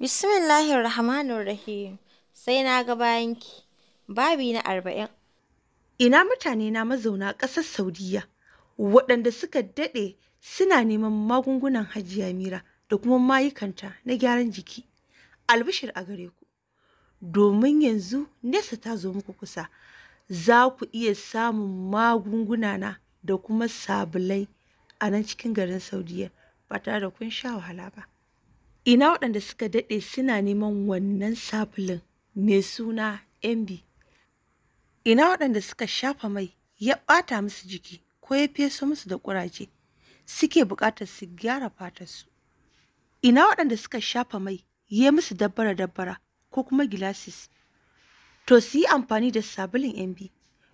Bismillahir Rahmanir Rahim. Sai na ga bayanki. Babi na arba'in. Ina mutane na mazauna ƙasar Saudiya waɗanda suka daɗe suna neman magungunan hajiya mira da kuma mayukanta na gyaran jiki. Albishir a gare ku. Domin yanzu nesa ta zo muku kusa. Za ku iya samun magunguna na da kuma sabulai a nan cikin garin Saudiya ba tare da kun sha wahala ba. Ina waɗanda suka daɗe suna neman wannan sabulun mai suna bi. Ina waɗanda suka shafa mai ya ɓata musu jiki ko ya feso musu da ƙuraje suke buƙatar su gyara fatarsu? Ina waɗanda suka shafa mai ya musu dabbara-dabbara ko kuma gilasis? To su yi amfani da sabulun bi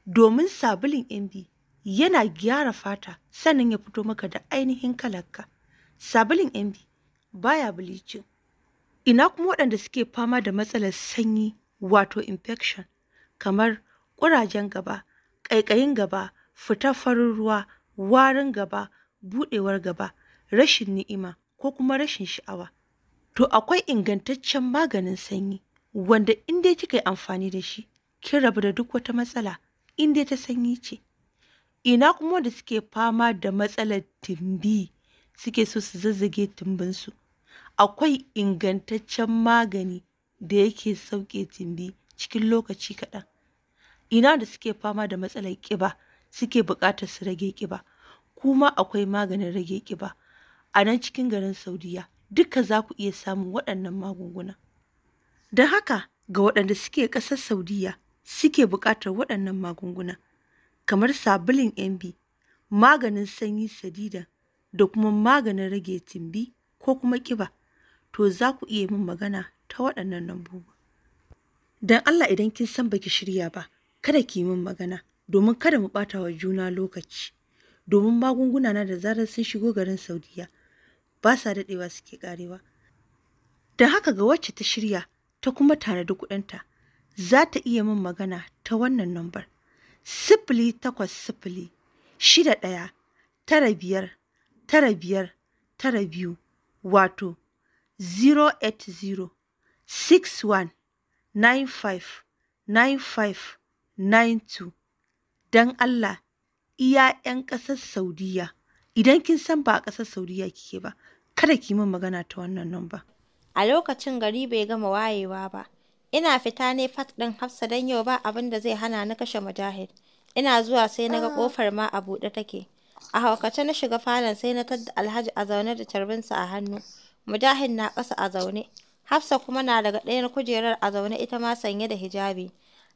domin sabulun Emgyl yana gyara fata sannan ya fito maka da ainihin kalarka. Sabulun Emgyl baya bleaching ina kuma waɗanda suke fama da matsalar sanyi wato infection kamar ƙurajen gaba ƙaiƙayin gaba fitar farin ruwa warin gaba buɗewar gaba rashin ni'ima ko kuma rashin sha'awa to akwai ingantaccen maganin sanyi wanda inda dai kika yi amfani da shi kin rabu da duk wata matsala in dai ta sanyi ce ina kuma wanda suke fama da matsalar timbi suke so su zazzage timbinsu? akwai ingantaccen magani da yake sauƙe tumbi cikin lokaci kaɗan. Ina da suke fama da matsalar ƙiba suke buƙatar su rage ƙiba, kuma akwai maganin rage ƙiba a nan cikin garin Saudiyya. Duka za ku iya samun waɗannan magunguna. Da haka ga waɗanda suke ƙasar Saudiyya suke buƙatar waɗannan magunguna kamar sabulin MB, maganin sanyi sadida da kuma maganin rage tumbi ko kuma ƙiba. to za ku iya min magana ta waɗannan lambobin. Don Allah idan kin san baki shirya ba, kada ki yi min magana domin kada mu ɓata wa juna lokaci. Domin magunguna na da zarar sun shigo garin Saudiya ba sa daɗewa suke ƙarewa. Don haka ga wacce ta shirya ta kuma tanadi kuɗinta, za ta iya min magana ta wannan lambar. Sifili takwas sifili shida ɗaya tara biyar tara biyar tara biyu wato 08061959592 don Allah iya 'yan ƙasar Saudiyya, idan kin san ba a ƙasar Saudiyya kike ba, kada ki yi min magana ta wannan ba. A lokacin gari bai gama wayewa ba, ina fita ne fat ɗin Hafsa don yau ba abin da zai hana ni kashe Mujahid. Ina zuwa sai na ga ah. ƙofar ma a buɗe take. A haukace na shiga falon sai na tadda Alhaji a zaune da carbinsa a hannu. Mujahid na ƙasa a zaune, Hafsa kuma na daga ɗayan kujerar a zaune ita ma sanye da hijabi.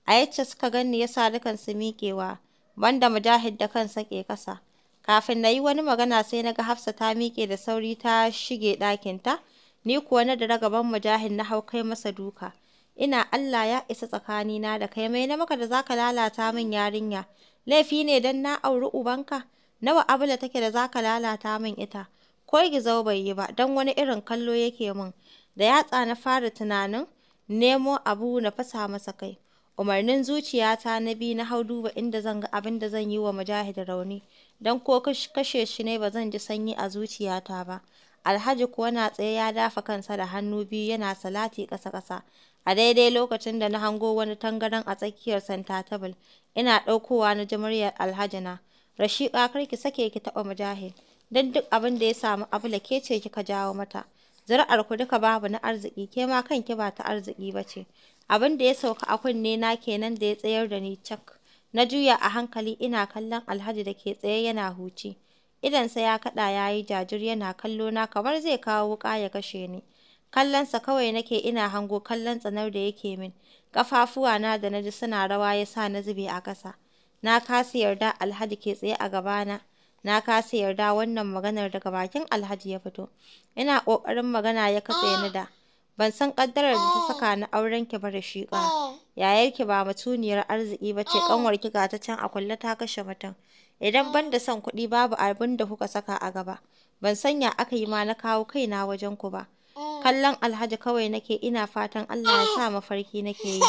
A yacce suka ganni ya sa dukansu miƙewa, banda Mujahid da kansa ke ƙasa. Kafin na yi wani magana sai na ga Hafsa ta miƙe da sauri ta shige ɗakinta, ni kuwa na dira gaban Mujahid na hau kai masa duka. Ina Allah ya isa tsakanina da kai mai na maka da zaka lalata min yarinya. Laifi ne don na auri ubanka, nawa abula take da zaka lalata min ita. ko gizau bai yi ba don wani irin kallo yake min, da yatsa na fara tunanin nemo abu na fasa masa kai. Umarnin zuciyata na bi na hau duba inda zan ga abin da zan yi wa Mujahid rauni, don ko kashe shi ne ba zan ji sanyi a zuciyata ba. Alhaji kuwa na tsaye ya dafa kansa da hannu biyu yana salati ƙasa-ƙasa. A daidai lokacin da na hango wani tangaran a tsakiyar Santa Tabal, ina ɗaukowa na ji muryar Alhaji na. Rashiƙa kar ki sake ki taɓa Mujahid. don duk abin da ya samu abula ke ce kika jawo mata zuri'ar ku duka babu na arziki ke ma kanki ba ta arziki ba ce abin da ya sauka a kunne na kenan da ya tsayar da ni cak na juya a hankali ina kallon alhaji da ke tsaye yana huci idansa ya kaɗa ya yi jajir yana kallo na kamar zai kawo wuƙa ya kashe ni kallonsa kawai nake ina hango kallon tsanar da yake min na da na ji suna rawa ya sa na zube a ƙasa na kasa yarda alhaji ke tsaye a gabana na kasa yarda wannan maganar daga bakin Alhaji ya fito. Ina ƙoƙarin magana ya katse ni da. Ban san ƙaddarar da ta saka ni auren ki ba da yayar Yayarki ba mutuniyar arziki ba ce ƙanwar ki ga ta can a kulle ta kashe mutum. Idan ban da son kuɗi babu abin da kuka saka a gaba. Ban sanya aka yi ma na kawo kaina wajen ku ba. Kallon Alhaji kawai nake ina fatan Allah ya sa mafarki nake yi.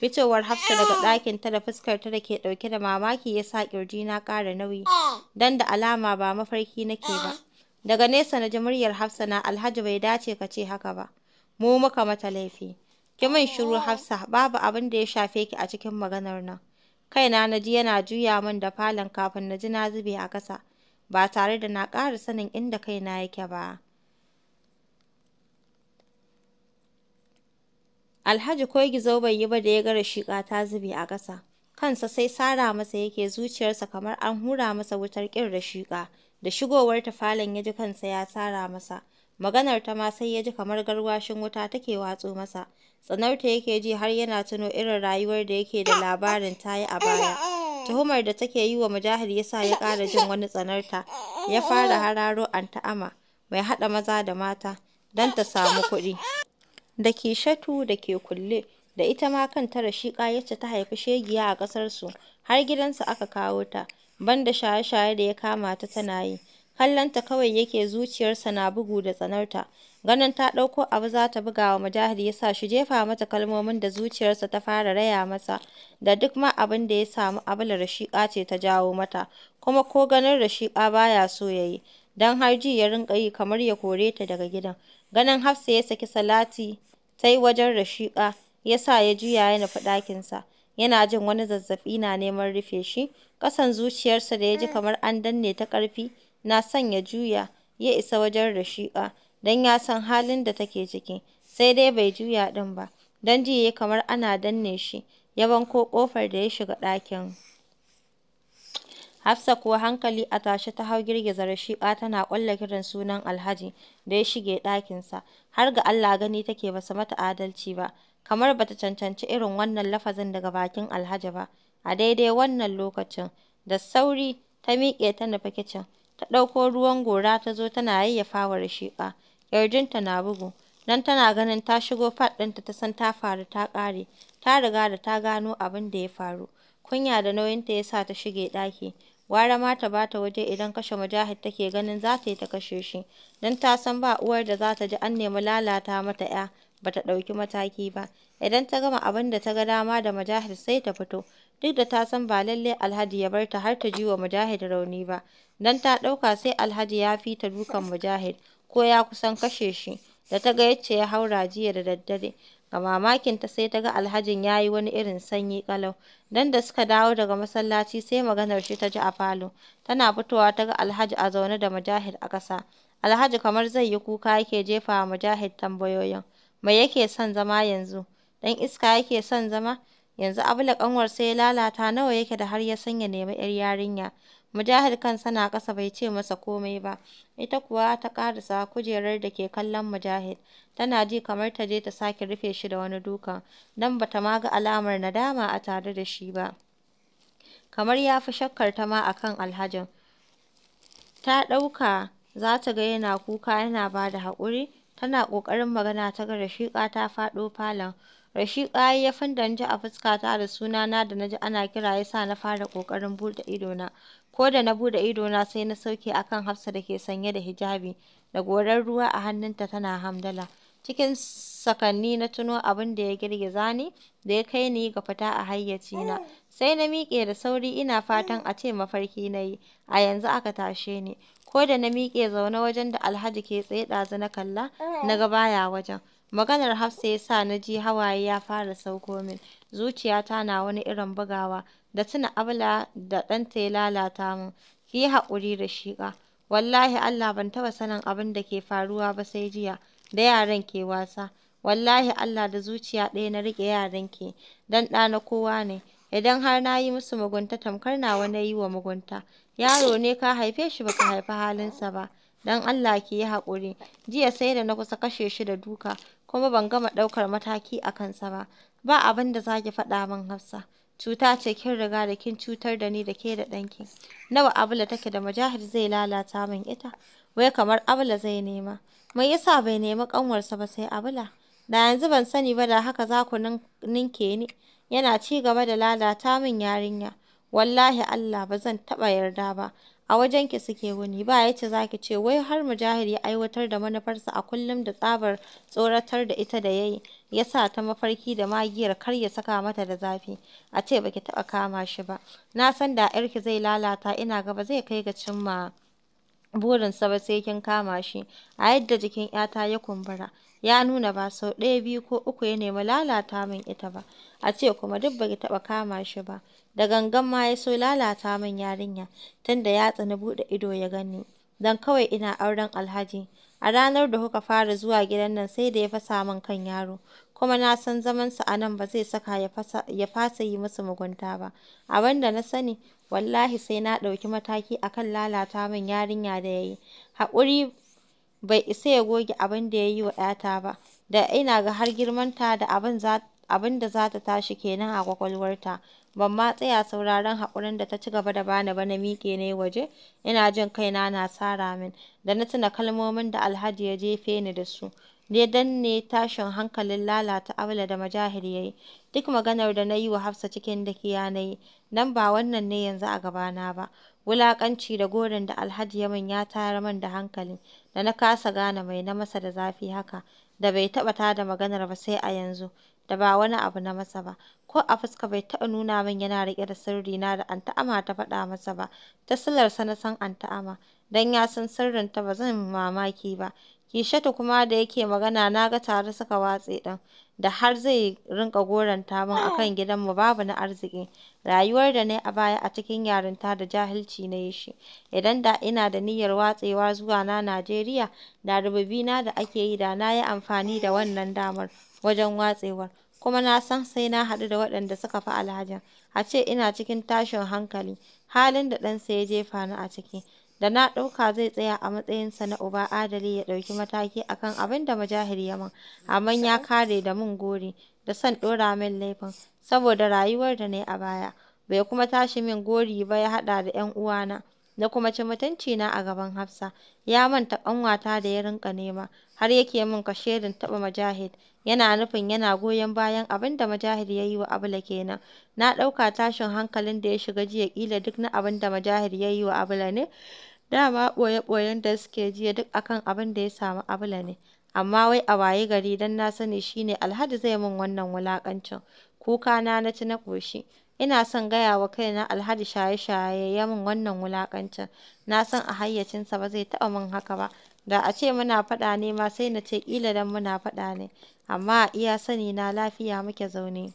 Fitowar Hafsa daga ɗakin ta da ta da ke ɗauke da mamaki ya sa ƙirji na ƙara nauyi, don da alama ba mafarki nake ba. Daga nesa na ji muryar Hafsa na Alhaji bai dace ka ce haka ba, mu muka mata laifi. Ki min shiru Hafsa, babu abin da ya shafe ki a cikin maganar nan. Kaina na ji yana juya min da falon kafin na ji na zube a ƙasa, ba tare da na ƙara sanin inda kaina yake ba. Alhaji kogizo bai yi ba da ya ga Rashiƙa ta zube a ƙasa. Kansa sai sara masa yake zuciyarsa kamar an hura masa wutar ƙin Rashiƙa. Da shigowar ta falon ya ji kansa ya sara masa. Maganar ta ma sai ya ji kamar garwashin wuta take watsu masa. Tsanarta yake ji har yana tuno irin rayuwar da yake da labarin ta yi a baya. Tuhumar da take yi wa Mujahid ya sa ya ƙara jin wani tsanarta. Ya fara hararo an ta'ama mai haɗa maza da mata don ta samu kuɗi. da Kishatu da ke kulle da ita ma kanta Rashika yacce ta haifi shegiya a su, har gidansu aka kawo ta, banda shaye-shaye da ya kama ta tana yi, kallonta kawai yake zuciyarsa na bugu da tsanarta, ganin ta ɗauko abu za ta buga wa Mujahid ya sa shi jefa mata kalmomin da zuciyarsa ta fara raya masa da duk ma abin da ya samu Abla Rashika ce ta jawo mata, kuma ko ganin Rashika baya so ya yi, don har ji ya rinka yi kamar ya kore ta daga gidan. Ganin Hafsa ya saki Salati ta yi wajen Rashiƙa ya sa ya juya ya nufi ɗakinsa, yana jin wani zazzaɓi na neman rufe shi, ƙasan zuciyarsa da ya ji kamar an danne ta ƙarfi na son ya juya ya isa wajen Rashiƙa don ya san halin da take ciki, sai dai bai juya ɗin ba, don ji ya kamar ana danne shi, ya banko ƙofar da ya shiga ɗakin. hafsa kuwa hankali a tashe ta hau girgiza Rashi'a tana ƙwalla kiran sunan Alhaji da ya shige ɗakinsa, har ga Allah gani take ba mata adalci ba, kamar bata cancanci irin wannan lafazin daga bakin Alhaji ba. A daidai wannan lokacin, da sauri ta miƙe ta nufi kicin, ta ɗauko ruwan gora ta zo tana yayyafa wa Rashi'a, ƙirjinta na bugu, don tana ganin ta shigo fat ɗinta ta san ta faru ta ƙare, ta riga da ta gano abin da ya faru. Kunya da nauyinta ya sa ta shige ɗaki. Gwara ma ta ba ta waje idan kashe Mujahid take ganin za ta yi ta kashe shi, don ta san ba uwar da za ta ji an nemi lalata mata 'ya ba ta ɗauki mataki ba. Idan ta gama abin da ta ga dama da Mujahid sai ta fito, duk da ta san ba lallai Alhaji ya bar ta har ta ji wa Mujahid rauni ba, don ta ɗauka sai Alhaji ya fi ta dukan Mujahid ko ya kusan kashe shi, da ta ga yacce ya haura jiya da daddare. Ga mamakinta sai ta ga alhajin ya yi wani irin sanyi ƙalau. Dan da suka dawo daga masallaci sai maganar shi ta ji a falo. Tana fitowa ta ga alhaji a zaune da mujahid a ƙasa. Alhaji kamar zai yi kuka yake jefa wa mujahid tambayoyin. Mai yake son zama yanzu? Dan iska yake son zama? Yanzu abula ƙanwar sai ya lalata nawa yake da har ya sanya nemi 'yar yarinya. Mujahid kansa na ƙasa bai ce masa komai ba, ita kuwa ta ƙarasa kujerar da ke kallon Mujahid, tana ji kamar ta je ta sake rufe shi da wani duka don ba ta ma ga alamar nadama a tare da shi ba. Kamar ya fi shakkar ta ma a kan alhajin. Ta ɗauka za ta ga yana kuka yana ba da haƙuri, tana ƙoƙarin magana ta ga Rashiƙa ta faɗo falon. Rashiƙa ya ji a fuskata da sunana da na ji ana kira ya sa na fara ƙoƙarin buɗe idona, ko da na buɗe idona sai na sauke a kan Hafsa da ke sanye da hijabi da gorar ruwa a hannunta tana hamdala. Cikin sakanni na tuno abin da ya girgiza ni da ya kai ni ga fita a hayyaci na Sai na miƙe da sauri ina fatan a ce mafarki na yi, a yanzu aka tashe ni. Ko da na miƙe zaune wajen da Alhaji ke tsaye ɗazu na kalla, na ga baya wajen. Maganar Hafsa ya sa na ji hawaye ya fara sauko min, zuciyata na wani irin bugawa, da tuna Abla da ɗanta ya lalata min, ki yi haƙuri da ka. wallahi Allah ban taɓa sanin abin da ke faruwa ba sai jiya, da yaran ke wasa, wallahi Allah da zuciya ɗaya na riƙe yaran ke, Dan ɗa na kowa ne, idan har na yi musu mugunta tamkar nawa na yi wa mugunta, yaro ne ka haife shi baka haifi halinsa ba, dan Allah ki yi haƙuri, jiya sai da na kusa kashe shi da duka. kuma ban gama ɗaukar mataki a kansa ba. Ba abin da zaki faɗa min Hafsa. Cuta ce kin riga da kin cutar da ni da ke da ɗanki. Nawa Abula take da Mujahid zai lalata min ita. Wai kamar Abula zai nema. Mai yasa bai nemi ƙanwarsa ba sai Abula? Da yanzu ban sani ba da haka za ku ninke ni. Yana ci gaba da lalata min yarinya. Wallahi Allah ba zan taɓa yarda ba. a wajen ki suke wuni ba ce za ki ce wai har Mujahid ya aiwatar da manufarsa a kullum da tsabar tsoratar da ita da ya yi ya sa ta mafarki da magiyar kar ya saka mata da zafi a ce baki taɓa kama shi ba na san da yarki zai lalata ina gaba zai kai ga cimma burinsa ba sai kin kama shi a yadda jikin 'yata ya kumbura ya nuna ba sau ɗaya, biyu ko uku ya nemi lalata min ita ba, a ce kuma duk bai taɓa kama shi ba, da gangan ma ya so lalata min yarinya, tunda ya tsani buɗe ido ya gani dan kawai ina auren Alhaji. A ranar da kuka fara zuwa gidan nan sai da ya fasa min kan yaro, kuma na san zamansa a nan ba zai saka ya fasa yi musu mugunta ba. Abin da na sani, wallahi sai na ɗauki mataki akan lalata min yarinya da ya yi. Haƙuri bai isa ya goge abin da ya yi wa ‘yata ba, da ina ga har girmanta da abin da za ta tashi kenan a ƙwaƙwalwarta. Ban ma tsaya sauraron haƙurin da ta ci gaba da bani ba na miƙe ne waje, ina jin kaina na sara min, da na tuna kalmomin da Alhaji ya jefe ni da su. ne dan ne tashin hankalin lalata abla da majahir ya yi duk maganar da na yi wa hafsa cikin dakiya na yi nan ba wannan ne yanzu a gabana ba wulakanci da gorin da Alhaji ya min ya tayar min da hankali da na kasa gane mai na masa da zafi haka, da bai taɓa tada maganar ba sai a yanzu, da ba wani abu na masa ba, ko a fuska bai taɓa nuna min yana riƙe da sirri na da Anta'ama ta faɗa masa ba, ta silarsa na san Anta'ama, dan ya san sirrin ta ba zan mamaki ba. Kishatu kuma da yake magana na ga tare suka watse ɗin, da har zai rinƙa goranta min a kan gidanmu babu na arziki, rayuwar da na yi a baya a cikin yarinta da jahilci na yi shi, idan da ina da niyyar watsewa zuwa na Najeriya da rububina da ake yi da na yi amfani da wannan damar wajen watsewar, kuma na san sai na haɗu da waɗanda suka fi alhajin, a ce ina cikin tashin hankali, halin da ɗansa ya jefa ni a ciki. da na ɗauka zai tsaya a matsayinsa na uba adali ya ɗauki mataki akan abin da Mujahid ya min, amma ya kare da mun gori da son ɗora min laifin saboda rayuwar da na a baya, bai kuma tashi min gori ba ya haɗa da 'yan uwana. Na kuma ci mutunci na a gaban Hafsa, ya manta ƙanwata da ya rinƙa nema, har yake min kashedin taɓa Mujahid yana nufin yana goyon bayan abin da Mujahid ya yi wa Abla kenan. Na ɗauka tashin hankalin da ya shiga jiya ƙila duk na abin da Mujahid ya yi wa Abla ne. Dama ɓoye-ɓoyen da suke jiya duk akan abin da ya samu Abla ne. Amma wai a waye gari don na sani shine Alhaji zai min wannan wulakancin Kuka na na ci na ƙoshi. ina son gaya wa kaina alhaji shaye-shaye ya min wannan wulakancin na san a hayyacinsa ba zai taɓa min haka ba Da a ce muna faɗa ne ma sai na ce ƙila dan muna faɗa ne, amma a iya sani na lafiya muke zaune.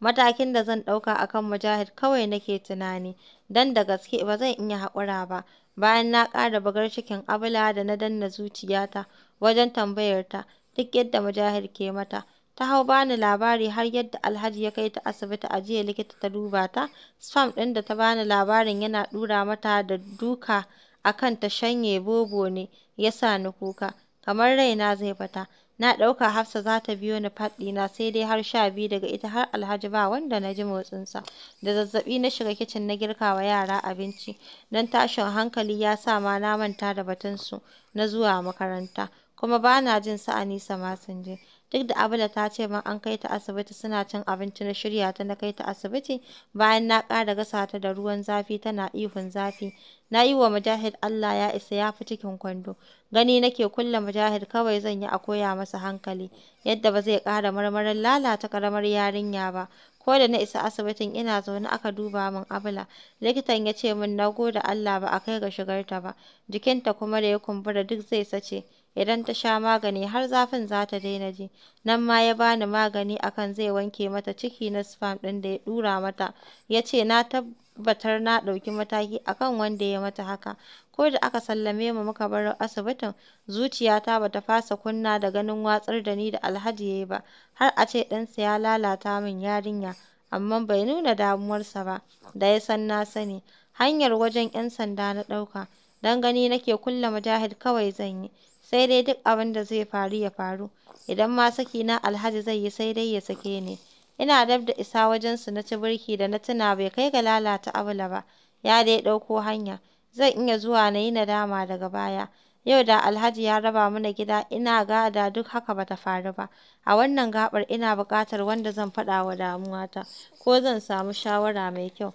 Matakin da zan ɗauka a kan Mujahid kawai nake tunani, dan da gaske ba zan iya haƙura ba. Bayan na ƙara bagar cikin abula da na danna zuciyata wajen tambayar ta duk yadda Mujahid ke mata. ta hau bani labari har yadda Alhaji ya kai ta asibiti a jiya likita ta duba ta, spam ɗin da ta bani labarin yana ɗura mata da duka a ta shanye bobo ne ya sa ni kuka, kamar raina zai fata, Na ɗauka Hafsa za ta biyo ni faɗi na sai dai har sha biyu daga ita har Alhaji ba wanda na ji motsinsa. Da zazzaɓi na shiga kicin na girka wa yara abinci, don tashin hankali ya sa ma na manta da batunsu na zuwa makaranta, kuma ba na jin sa'ani nisa ma sun je. duk da Abula ta ce min an kai ta asibiti suna cin abinci na shirya ta na kai ta asibiti bayan na ƙara gasa ta da ruwan zafi tana ihun zafi na yi wa Mujahid Allah ya isa ya fi cikin kwando gani nake kulle Mujahid kawai zan yi a koya masa hankali yadda ba zai ƙara marmarin lalata karamar yarinya ba ko da na isa asibitin ina zaune aka duba min abula likitan ya ce min na gode Allah ba a kai ga shigarta ba jikinta kuma da ya kumbura duk zai sace idan ta sha magani har zafin za ta daina ji. Nan ma ya bani magani akan zai wanke mata ciki na spam ɗin da ya ɗura mata. Ya ce na tabbatar na ɗauki mataki akan wanda ya mata haka. Ko da aka sallame mu muka bar asibitin, zuciyata bata fasa kunna da ganin watsar da ni da Alhaji yayi ba, har a ce ɗansa ya lalata min yarinya. amma bai nuna damuwarsa ba da ya san na sani hanyar wajen 'yan sanda na ɗauka don gani nake kulle mujahid kawai zan yi sai dai duk abin da zai faru ya faru idan ma saki na Alhaji zai yi sai dai ya sake ni ina dab da isa wajen su na ci birki da na tuna bai kai ga lalata abula ba ya dai ɗauko hanya zan iya zuwa na yi nadama daga baya yau da Alhaji ya raba mana gida ina gada duk haka bata faru ba a wannan gabar ina buƙatar wanda zan faɗa wa damuwata ko zan samu shawara mai kyau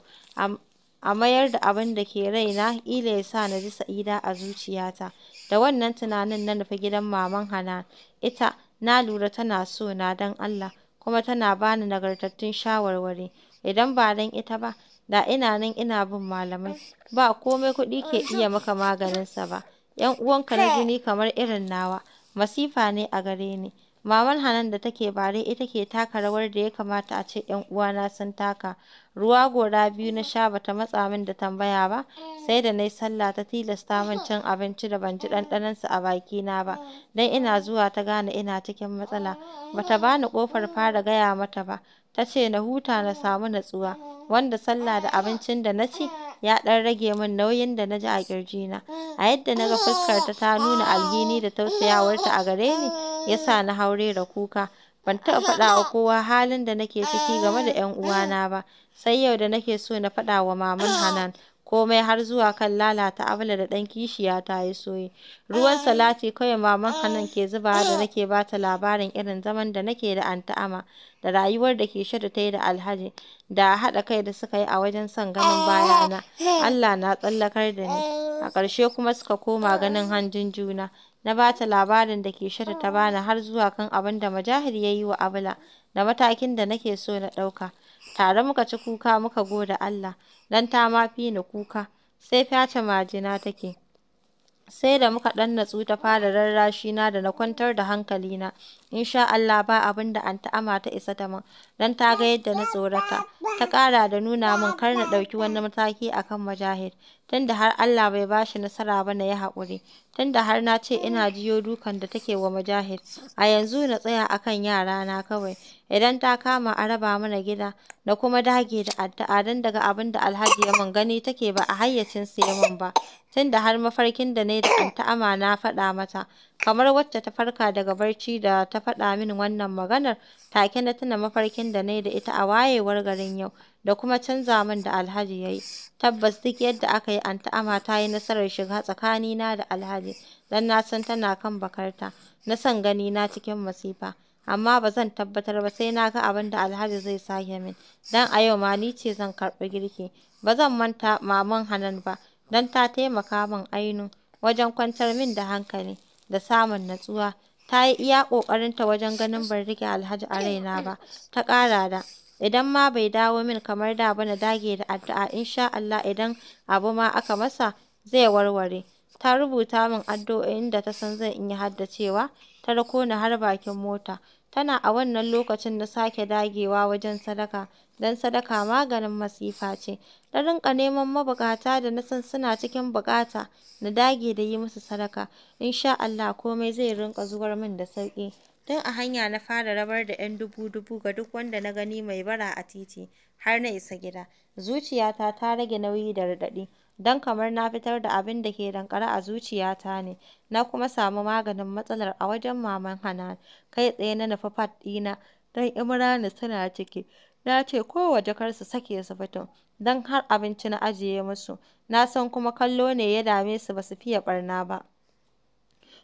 a mayar da abin da ke raina ƙila ya sa na ji sa'ida a zuciyata. Da wannan tunanin na nufi gidan Maman hana Ita na lura tana so na dan Allah kuma tana bani nagartattun shawarwari. Idan ba dan ita ba, da ina nan ina bin malamai. Ba komai kuɗi ke iya maka maganinsa ba. ‘Yan uwanka na jini kamar irin nawa, masifa ne a gare ni. Maman Hanan da take bare ita ke taka rawar da ya kamata a ce ‘yan uwana sun taka. Ruwa gora biyu na sha bata matsa min da tambaya ba, sai da na yi sallah ta tilasta min cin abinci da ban ji ɗanɗanansu a bakina ba, don ina zuwa ta gane ina cikin matsala. Bata bani kofar fara gaya mata ba, ta ce na huta na samu natsuwa, wanda sallah da abincin da na ci ya ɗan rage min nauyin da na ji a ƙirjina. A yadda na ga fuskarta ta nuna alhini da tausayawarta a gare ni, ya sa na haure da kuka. Ban taɓa faɗa wa kowa halin da nake ciki game da 'yan uwana ba, sai yau da nake so na faɗa wa Maman Hanan komai har zuwa kan lalata abla da ɗan kishiya ta yi soyi. Ruwan salati kawai Maman Hanan ke zubawa da nake ba ta labarin irin zaman da nake da Anta'ama da rayuwar da ke shirya ta yi da Alhaji da haɗa kai da suka yi a wajen son ganin bayana. Allah na tsallakar da ni. A ƙarshe kuma suka koma ganin hanjin juna. Na ba ta labarin da ke Kishatu ta bani har zuwa kan abin da Mujahid ya yi wa Abula da matakin da nake so na ɗauka. Tare muka ci kuka muka goda Allah, dan ta ma fi ni kuka, sai fyace majina take. Sai da muka ɗan natsu ta fara rarrashi na da na kwantar da hankali hankalina. sha Allah ba abin da an ta'ama ta isa ta min, don ta ga yadda na tsorata. Ta ƙara da nuna min kar na ɗauki wani mataki a kan Mujahid. tunda har Allah bai ba shi nasara ba na yi haƙuri, tunda har na ce ina jiyo dukan da take wa Mujahid, a yanzu na tsaya a kan na kawai, idan ta kama a raba mana gida, na kuma dage da addu'a dan daga abin da Alhaji ya mun gani take ba a hayyacin sa ya mun ba, tunda har mafarkin da ne da anta ama na faɗa mata, kamar wacce ta farka daga barci da ta faɗa min wannan maganar, take na tuna mafarkin da ne da ita a wayewar garin yau. da kuma canza min da Alhaji ya yi. Tabbas duk yadda aka yi an ta'ama ta yi nasarar shiga tsakanina da Alhaji, don na san tana kan bakarta, na san gani na cikin masifa. Amma ba zan tabbatar ba sai na ga abin da Alhaji zai sake min, don a yau ma ni ce zan karɓi girki. Ba zan manta maman Hanan ba, don ta taimaka min ainu wajen kwantar min da hankali da samun natsuwa. Ta yi iya ƙoƙarinta wajen ganin ban rike Alhaji a raina ba, ta ƙara da. Idan ma bai dawo min kamar da ba na dage da addu'a insha Allah idan abu ma aka masa zai warware. Ta rubuta min addu'o'in da ta san zan iya haddacewa, ta rako ni har bakin mota. Tana a wannan lokacin na sake dagewa wajen sadaka, dan sadaka maganin masifa ce. Na rinka neman mabukata da na san suna cikin buƙata, na dage da yi musu sadaka, insha Allah komai zai rinka zuwar min da sauƙi. Tun a hanya na fara rabar da 'yan dubu-dubu ga duk wanda na gani mai bara a titi, har na isa gida, zuciyata ta rage nauyi da raɗaɗi, don kamar na fitar da abin da ke danƙare a zuciyata ne, na kuma samu maganin matsalar a wajen Maman Hanan, kai tsaye na nufi pad ɗina, don imrani suna ciki. Na ce kowace kar su sake su fito, don har abinci na ajiye musu, na san kuma kallo ne ya dame su ba su fiye ɓarna ba.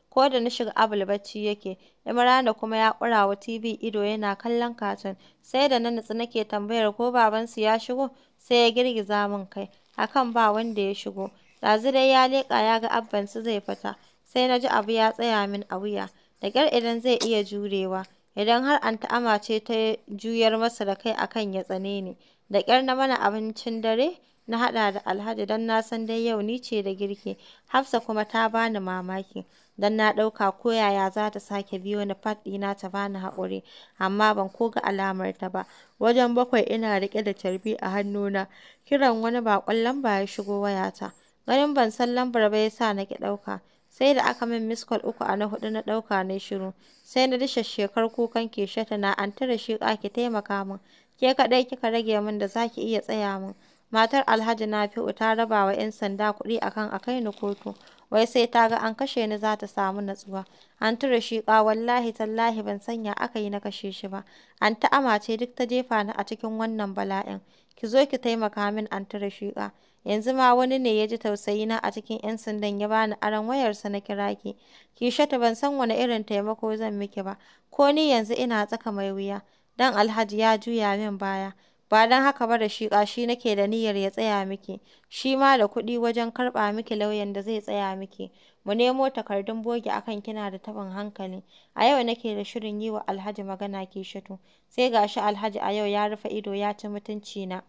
ko da na shiga abul bacci yake, Imrana kuma ya wa TV ido yana kallon katin sai da na nutsu nake tambayar ko babansu ya shigo, sai ya girgiza min kai, akan ba wanda ya shigo. Ɗazu dai ya leƙa ya ga abbansu zai fita, sai na ji abu ya tsaya min a wuya, da kyar idan zai iya jurewa, idan har an ta'ama ce ta juyar masa da kai akan ya tsane ne. da kyar na mana abincin dare, na haɗa da Alhaji don na san dai yau ni ce da girki. Hafsa kuma ta bani mamaki don na ɗauka ko yaya za ta sake biyo ni fat ɗina ta bani haƙuri amma ban ko ga alamar ta ba. Wajen bakwai ina riƙe da carbi a hannuna kiran wani bakon lamba ya shigo wayata. Ganin ban san lambar ba ya sa na ki ɗauka. sai da aka min miskol uku a na hudu na ɗauka na shiru sai na dishe shekar kukan ke shata na an tare shi ki taimaka min ke kaɗai kika rage min da zaki iya tsaya min matar Alhaji Nafi'u ta raba wa 'yan sanda kuɗi akan a kai ni kotu. Wai sai ta ga an kashe ni za ta samu natsuwa. An tura shi ƙa wallahi tallahi ban sanya aka yi na kashe shi ba. An ta'ama ce duk ta jefa ni a cikin wannan bala'in. Ki zo ki taimaka min an tura shi ƙa. Yanzu ma wani ne ya ji tausayi na a cikin 'yan sandan ya bani aron wayarsa na kira ki. ki shata ban san wani irin taimako zan miki ba. Ko ni yanzu ina tsaka mai wuya. Dan Alhaji ya juya min baya. ba don haka ba da shi nake da niyyar ya tsaya miki, shi ma da kuɗi wajen karɓa miki lauyan da zai tsaya miki, mu nemo takardun bogi akan kina da taɓin hankali, a yau nake da shirin yi wa Alhaji magana ke shito sai ga shi Alhaji a yau ya rufe ido ya ci mutunci na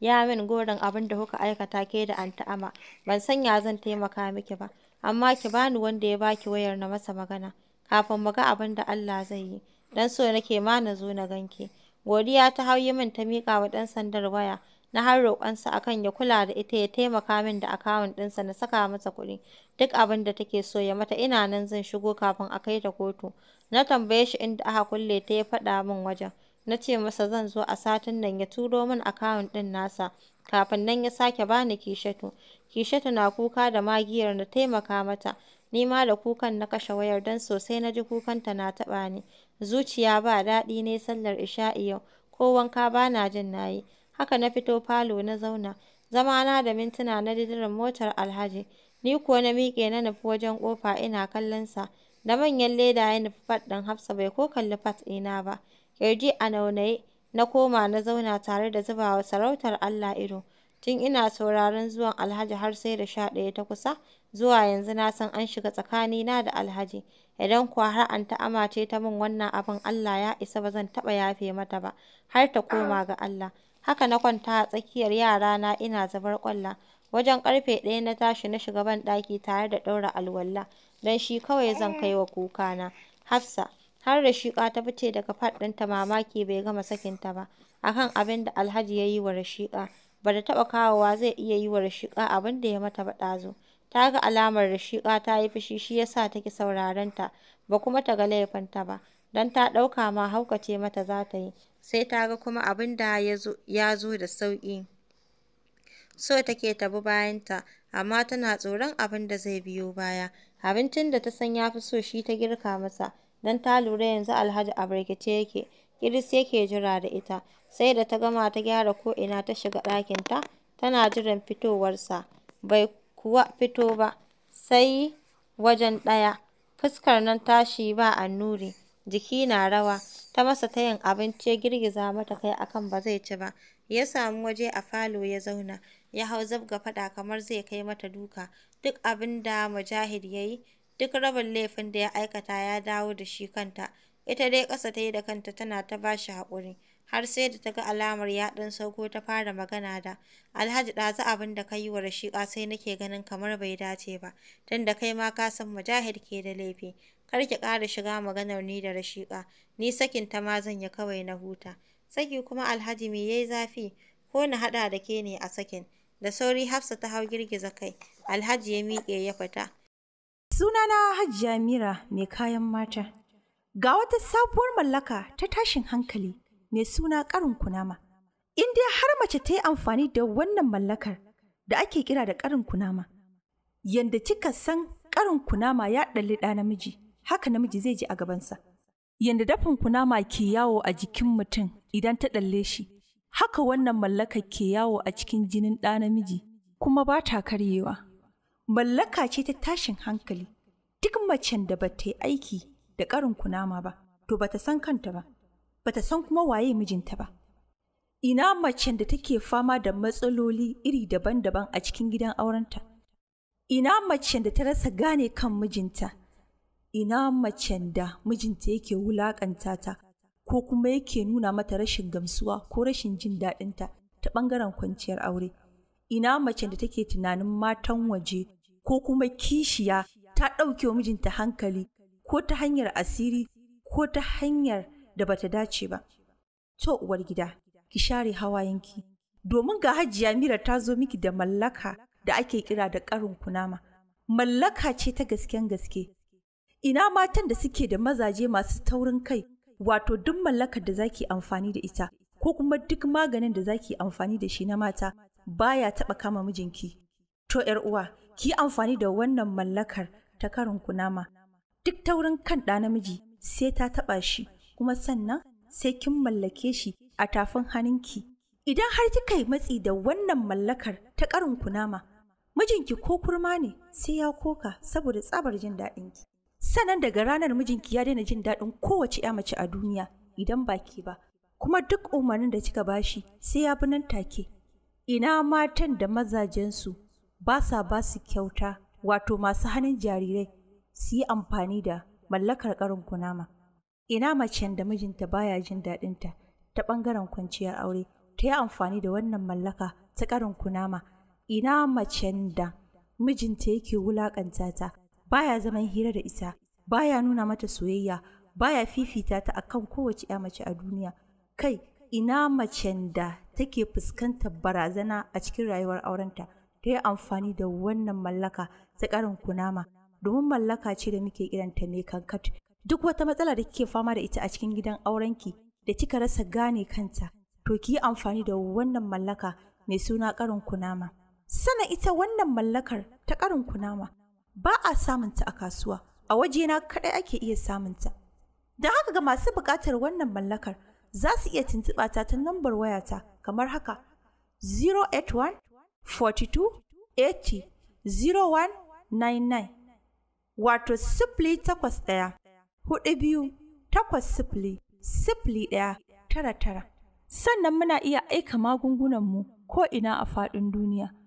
Ya min gorin abin da kuka aikata ke da Anta'ama, ban san ya zan taimaka miki ba, amma ki bani wanda ya baki wayar na masa magana, kafin mu ga abin da Allah zai yi, dan so nake ma na zo na ganki. Godiya ta hau min ta miƙa wa ɗan sandar waya. Na har roƙonsa a kan ya kula da ita ya taimaka min da akawun ɗinsa na saka masa kuɗi. Duk abin da take so ya mata ina nan zan shigo kafin a kai ta kotu. Na tambaye shi inda aka kulle ta ya faɗa min wajen. Na ce masa zan zo a satin nan ya turo min akawun ɗin nasa. Kafin nan ya sake bani kishatu. Kishatu na kuka da magiyar na taimaka mata. Ni ma da kukan na kashe wayar don sosai na ji kukanta na taɓa ni. Zuciya ba daɗi ne sallar isha'i yau, ko wanka ba na jin na yi. Haka na fito falo na zauna. Zama na da mintuna na didirin motar Alhaji. Ni kuwa na miƙe na nufi wajen ƙofa ina kallon sa. Da manyan leda ya nufi fat ɗin Hafsa bai ko kalli fat ɗina ba. Ƙirji a naunaye na koma na zauna tare da zubawa sarautar Allah ido. Tun ina sauraron zuwan Alhaji har sai da sha ɗaya ta kusa, zuwa yanzu na san an shiga tsakanina da Alhaji. Idan kuwa har an Ama ce ta min wannan abin Allah ya isa ba zan taɓa yafe mata ba, har ta koma ga Allah. Haka na kwanta a tsakiyar yara na ina zubar ƙwalla. Wajen ƙarfe ɗaya na tashi na shiga banɗaki tare da ɗaura alwala, don shi kawai zan kai wa kuka na. Hafsa, har da ta fice daga fat ɗinta mamaki bai gama sakinta ba, Akan abin da Alhaji ya yi wa Rashiƙa. ba da taɓa kawowa zai iya yi wa Rashiƙa abin da ya mata ba ɗazu. Ta ga alamar Rashiƙa ta yi fushi shi ya sa ta ki sauraron ta, ba kuma ta ga laifinta ba, don ta ɗauka ma haukace mata za ta yi, sai ta ga kuma abin da ya zo da sauƙi. So take ta bi bayanta, amma tana tsoron abin da zai biyo baya. Abincin da ta san ya fi so shi ta girka masa, don ta lura yanzu Alhaji a birkice yake, iris yake jira da ita, sai da ta gama ta gyara ko'ina ta shiga ɗakinta, tana jiran fitowarsa, bai kuwa fito ba, sai wajen ɗaya, fuskar nan tashi ba annuri, jiki na rawa, ta masa tayin abinci ya girgiza mata kai akan ba zai ci ba, ya samu waje a falo ya zauna, ya hau zabga faɗa kamar zai kai mata duka, duk abin da Mujahid ya yi, duk rabin laifin da ya aikata ya dawo da shi kanta. Ita dai ƙasa ta yi da kanta tana ta ba shi haƙuri, har sai da ta ga alamar ya sauko ta fara magana da, Alhaji ɗazu abin da ka yi wa Rashiƙa sai nake ganin kamar bai dace ba, tunda kai ma ka san Mujahid ke da laifi, kar ki ƙara shiga maganar ni da Rashiƙa, ni sakin ta ma zan yi kawai na huta. Saki kuma Alhaji me yayi zafi, ko na haɗa da ke ne a sakin. Da sauri Hafsa ta hau girgiza kai, Alhaji ya miƙe ya fita. Sunana Hajiya Mira mai kayan mata. Ga wata sabuwar mallaka ta tashin hankali mai suna ƙarin kunama. In dai har mace ta yi amfani da wannan mallakar da ake kira da ƙarin kunama. Yanda kika san ƙarin kunama ya ɗalli ɗa namiji, haka namiji zai ji a gabansa. Yanda dafin kunama ke yawo a jikin mutum idan ta ɗalle shi, haka wannan mallaka ke yawo a cikin jinin ɗa namiji kuma ba ta karyewa. Mallaka ce ta tashin hankali. Duk macen da ba ta yi aiki da ƙarin kunama ba, to bata san kanta ba, bata san kuma waye mijinta ba. Ina macen da take fama da matsaloli iri daban-daban a cikin gidan aurenta? Ina macen da ta rasa gane kan mijinta? Ina macen da mijinta yake wulaƙanta ta ko kuma yake nuna mata rashin gamsuwa ko rashin jin daɗinta ta ɓangaren kwanciyar aure? Ina macen da take tunanin matan waje ko kuma kishiya ta ɗauke wa mijinta hankali ko ta hanyar asiri ko ta hanyar da bata dace ba. To uwar gida, ki share hawayenki, domin ga hajiya mira ta zo miki da mallaka da ake kira da karin kunama. Mallaka ce ta gasken gaske. Ina matan da suke da mazaje masu taurin kai, wato duk mallakar da zaki amfani da ita, ko kuma duk maganin da zaki amfani da shi na mata baya taɓa kama mijinki. To uwa, ki amfani da wannan mallakar ta karin kunama. duk ta wurin kan ɗa namiji sai ta taɓa shi kuma sannan sai kin mallake shi a tafin hannunki idan har kika yi matsi da wannan mallakar ta ƙarin kunama mijinki ko kurma ne sai ya koka saboda tsabar jin daɗinki sannan daga ranar mijinki ya daina jin daɗin kowace ya mace a duniya idan ba ke ba kuma duk umarnin da kika bashi sai ya bi nan take ina matan da mazajensu ba sa ba su kyauta wato masu hannun jarirai su yi amfani da mallakar karin kunama. Ina macen da mijinta baya jin daɗinta ta ɓangaren kwanciyar aure ta yi amfani da wannan mallaka ta karin kunama. Ina macen da mijinta yake wulaƙanta ta baya zaman hira da ita baya nuna mata soyayya baya fifita ta akan kowace ya mace a duniya kai ina macen da take fuskantar barazana a cikin rayuwar aurenta ta yi amfani da wannan mallaka ta karin kunama domin mallaka ce da muke kiranta ne kankat. Duk wata matsala da kike fama da ita a cikin gidan aurenki da kika rasa gane kanta, to ki amfani da wannan mallaka mai suna karin kunama. Sana ita wannan mallakar ta karin kunama ba a samunta a kasuwa, a waje na kaɗai ake iya samunta. Da haka ga masu bukatar wannan mallakar za su iya tuntuɓa ta ta nambar wayata kamar haka 081 42 80 wato sifili takwas ɗaya hudu biyu takwas sifili sifili ɗaya tara tara sannan muna iya aika magungunanmu ko ina a faɗin duniya